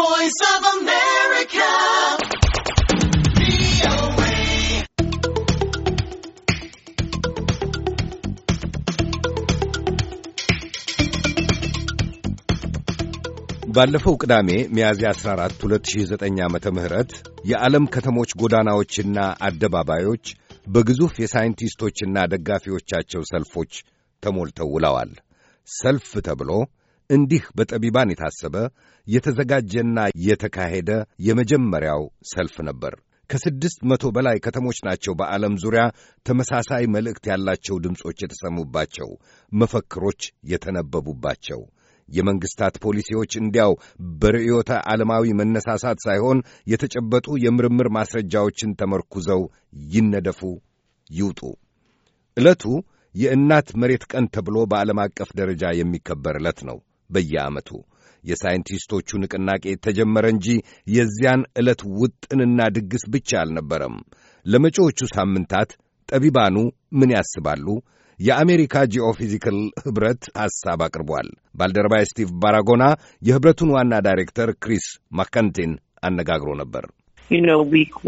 voice of America. ባለፈው ቅዳሜ ሚያዝያ 14 2009 ዓ ም የዓለም ከተሞች ጎዳናዎችና አደባባዮች በግዙፍ የሳይንቲስቶችና ደጋፊዎቻቸው ሰልፎች ተሞልተው ውለዋል። ሰልፍ ተብሎ እንዲህ በጠቢባን የታሰበ የተዘጋጀና የተካሄደ የመጀመሪያው ሰልፍ ነበር። ከስድስት መቶ በላይ ከተሞች ናቸው በዓለም ዙሪያ ተመሳሳይ መልእክት ያላቸው ድምፆች የተሰሙባቸው፣ መፈክሮች የተነበቡባቸው የመንግሥታት ፖሊሲዎች እንዲያው በርዕዮተ ዓለማዊ መነሳሳት ሳይሆን የተጨበጡ የምርምር ማስረጃዎችን ተመርኩዘው ይነደፉ፣ ይውጡ። ዕለቱ የእናት መሬት ቀን ተብሎ በዓለም አቀፍ ደረጃ የሚከበር ዕለት ነው። በየዓመቱ የሳይንቲስቶቹ ንቅናቄ ተጀመረ እንጂ የዚያን ዕለት ውጥንና ድግስ ብቻ አልነበረም። ለመጪዎቹ ሳምንታት ጠቢባኑ ምን ያስባሉ? የአሜሪካ ጂኦፊዚካል ኅብረት ሐሳብ አቅርቧል። ባልደረባ ስቲቭ ባራጎና የኅብረቱን ዋና ዳይሬክተር ክሪስ ማካንቴን አነጋግሮ ነበር። ዊክ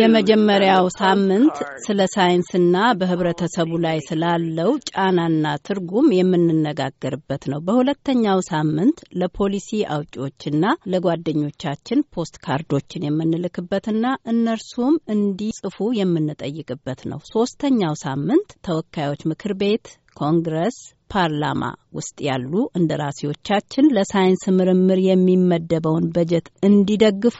የመጀመሪያው ሳምንት ስለ ሳይንስና በህብረተሰቡ ላይ ስላለው ጫናና ትርጉም የምንነጋገርበት ነው። በሁለተኛው ሳምንት ለፖሊሲ አውጪዎችና ለጓደኞቻችን ፖስት ካርዶችን የምንልክበትና እነርሱም እንዲጽፉ የምንጠይቅበት ነው። ሶስተኛው ሳምንት ተወካዮች ምክር ቤት፣ ኮንግረስ ፓርላማ ውስጥ ያሉ እንደራሴዎቻችን ለሳይንስ ምርምር የሚመደበውን በጀት እንዲደግፉ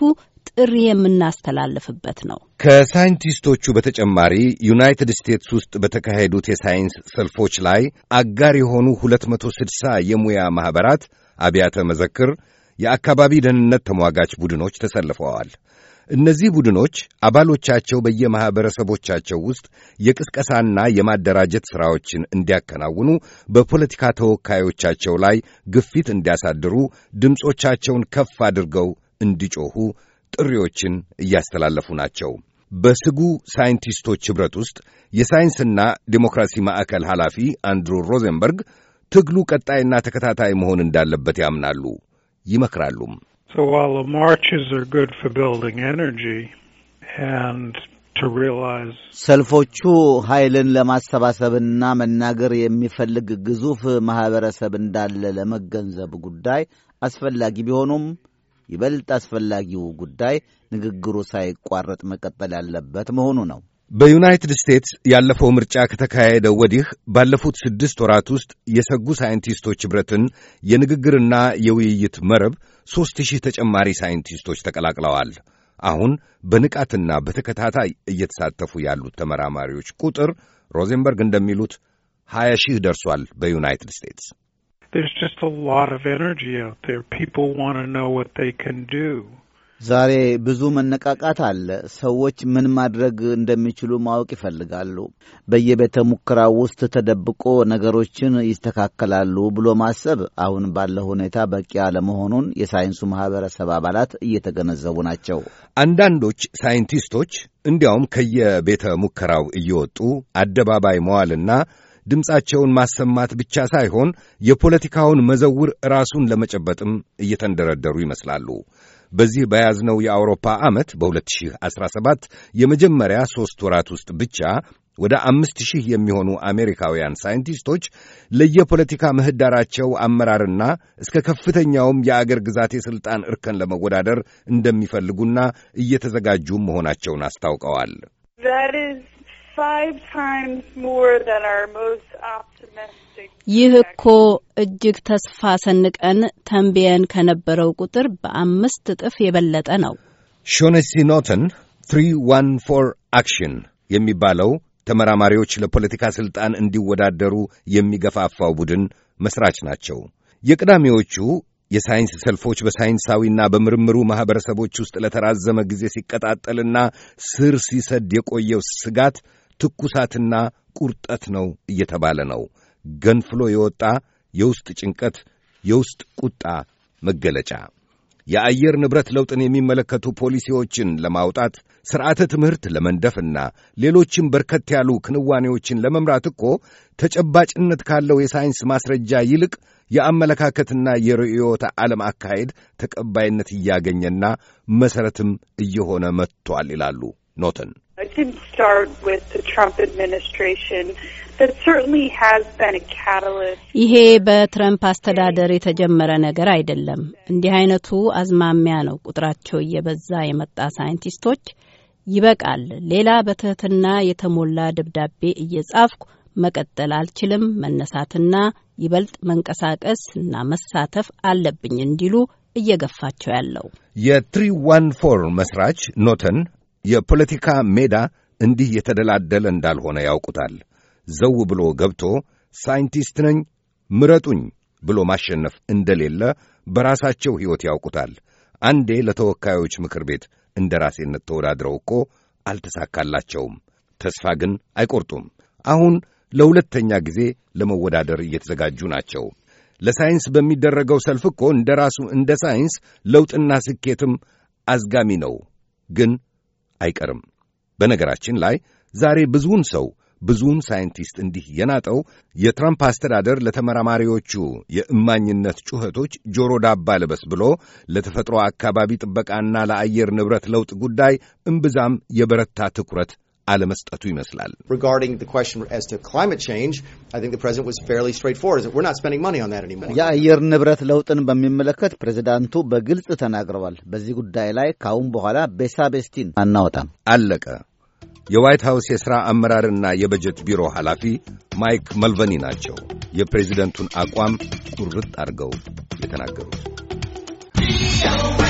ጥሪ የምናስተላልፍበት ነው። ከሳይንቲስቶቹ በተጨማሪ ዩናይትድ ስቴትስ ውስጥ በተካሄዱት የሳይንስ ሰልፎች ላይ አጋር የሆኑ 260 የሙያ ማኅበራት፣ አብያተ መዘክር፣ የአካባቢ ደህንነት ተሟጋች ቡድኖች ተሰልፈዋል። እነዚህ ቡድኖች አባሎቻቸው በየማኅበረሰቦቻቸው ውስጥ የቅስቀሳና የማደራጀት ሥራዎችን እንዲያከናውኑ፣ በፖለቲካ ተወካዮቻቸው ላይ ግፊት እንዲያሳድሩ፣ ድምፆቻቸውን ከፍ አድርገው እንዲጮኹ ጥሪዎችን እያስተላለፉ ናቸው። በስጉ ሳይንቲስቶች ኅብረት ውስጥ የሳይንስና ዴሞክራሲ ማዕከል ኃላፊ አንድሩ ሮዘንበርግ ትግሉ ቀጣይና ተከታታይ መሆን እንዳለበት ያምናሉ፣ ይመክራሉም። ሰልፎቹ ኃይልን ለማሰባሰብና መናገር የሚፈልግ ግዙፍ ማኅበረሰብ እንዳለ ለመገንዘብ ጉዳይ አስፈላጊ ቢሆኑም ይበልጥ አስፈላጊው ጉዳይ ንግግሩ ሳይቋረጥ መቀጠል ያለበት መሆኑ ነው። በዩናይትድ ስቴትስ ያለፈው ምርጫ ከተካሄደው ወዲህ ባለፉት ስድስት ወራት ውስጥ የሰጉ ሳይንቲስቶች ኅብረትን የንግግርና የውይይት መረብ ሦስት ሺህ ተጨማሪ ሳይንቲስቶች ተቀላቅለዋል። አሁን በንቃትና በተከታታይ እየተሳተፉ ያሉት ተመራማሪዎች ቁጥር ሮዘንበርግ እንደሚሉት ሀያ ሺህ ደርሷል በዩናይትድ ስቴትስ there's just a lot of energy out there. People want to know what they can do. ዛሬ ብዙ መነቃቃት አለ። ሰዎች ምን ማድረግ እንደሚችሉ ማወቅ ይፈልጋሉ። በየቤተ ሙከራው ውስጥ ተደብቆ ነገሮችን ይስተካከላሉ ብሎ ማሰብ አሁን ባለው ሁኔታ በቂ አለመሆኑን የሳይንሱ ማህበረሰብ አባላት እየተገነዘቡ ናቸው። አንዳንዶች ሳይንቲስቶች እንዲያውም ከየቤተ ሙከራው እየወጡ አደባባይ መዋልና ድምፃቸውን ማሰማት ብቻ ሳይሆን የፖለቲካውን መዘውር ራሱን ለመጨበጥም እየተንደረደሩ ይመስላሉ። በዚህ በያዝነው የአውሮፓ ዓመት በ2017 የመጀመሪያ ሦስት ወራት ውስጥ ብቻ ወደ አምስት ሺህ የሚሆኑ አሜሪካውያን ሳይንቲስቶች ለየፖለቲካ ምህዳራቸው አመራርና እስከ ከፍተኛውም የአገር ግዛት የሥልጣን እርከን ለመወዳደር እንደሚፈልጉና እየተዘጋጁ መሆናቸውን አስታውቀዋል። ይህ እኮ እጅግ ተስፋ ሰንቀን ተንብየን ከነበረው ቁጥር በአምስት እጥፍ የበለጠ ነው። ሾነሲ ኖተን ትሪ ዋን ፎር አክሽን የሚባለው ተመራማሪዎች ለፖለቲካ ሥልጣን እንዲወዳደሩ የሚገፋፋው ቡድን መሥራች ናቸው። የቅዳሜዎቹ የሳይንስ ሰልፎች በሳይንሳዊና በምርምሩ ማኅበረሰቦች ውስጥ ለተራዘመ ጊዜ ሲቀጣጠልና ስር ሲሰድ የቆየው ስጋት ትኩሳትና ቁርጠት ነው እየተባለ ነው። ገንፍሎ የወጣ የውስጥ ጭንቀት፣ የውስጥ ቁጣ መገለጫ የአየር ንብረት ለውጥን የሚመለከቱ ፖሊሲዎችን ለማውጣት ሥርዓተ ትምህርት ለመንደፍና ሌሎችም በርከት ያሉ ክንዋኔዎችን ለመምራት እኮ ተጨባጭነት ካለው የሳይንስ ማስረጃ ይልቅ የአመለካከትና የርዕዮተ ዓለም አካሄድ ተቀባይነት እያገኘና መሠረትም እየሆነ መጥቷል ይላሉ ኖተን። can start with the Trump administration. ይሄ በትረምፕ አስተዳደር የተጀመረ ነገር አይደለም። እንዲህ አይነቱ አዝማሚያ ነው ቁጥራቸው እየበዛ የመጣ ሳይንቲስቶች ይበቃል፣ ሌላ በትህትና የተሞላ ደብዳቤ እየጻፍኩ መቀጠል አልችልም፣ መነሳትና ይበልጥ መንቀሳቀስ እና መሳተፍ አለብኝ እንዲሉ እየገፋቸው ያለው የትሪ ዋን ፎር መስራች ኖተን የፖለቲካ ሜዳ እንዲህ የተደላደለ እንዳልሆነ ያውቁታል። ዘው ብሎ ገብቶ ሳይንቲስት ነኝ ምረጡኝ ብሎ ማሸነፍ እንደሌለ በራሳቸው ሕይወት ያውቁታል። አንዴ ለተወካዮች ምክር ቤት እንደ ራሴነት ተወዳድረው እኮ አልተሳካላቸውም። ተስፋ ግን አይቆርጡም። አሁን ለሁለተኛ ጊዜ ለመወዳደር እየተዘጋጁ ናቸው። ለሳይንስ በሚደረገው ሰልፍ እኮ እንደ ራሱ እንደ ሳይንስ ለውጥና ስኬትም አዝጋሚ ነው ግን አይቀርም። በነገራችን ላይ ዛሬ ብዙውን ሰው ብዙውን ሳይንቲስት እንዲህ የናጠው የትራምፕ አስተዳደር ለተመራማሪዎቹ የእማኝነት ጩኸቶች ጆሮ ዳባ ልበስ ብሎ ለተፈጥሮ አካባቢ ጥበቃና ለአየር ንብረት ለውጥ ጉዳይ እምብዛም የበረታ ትኩረት አለመስጠቱ ይመስላል። የአየር ንብረት ለውጥን በሚመለከት ፕሬዚዳንቱ በግልጽ ተናግረዋል። በዚህ ጉዳይ ላይ ካሁን በኋላ ቤሳቤስቲን አናወጣም፣ አለቀ። የዋይት ሃውስ የሥራ አመራርና የበጀት ቢሮ ኃላፊ ማይክ መልቨኒ ናቸው የፕሬዚደንቱን አቋም ቁርጥ አድርገው የተናገሩት።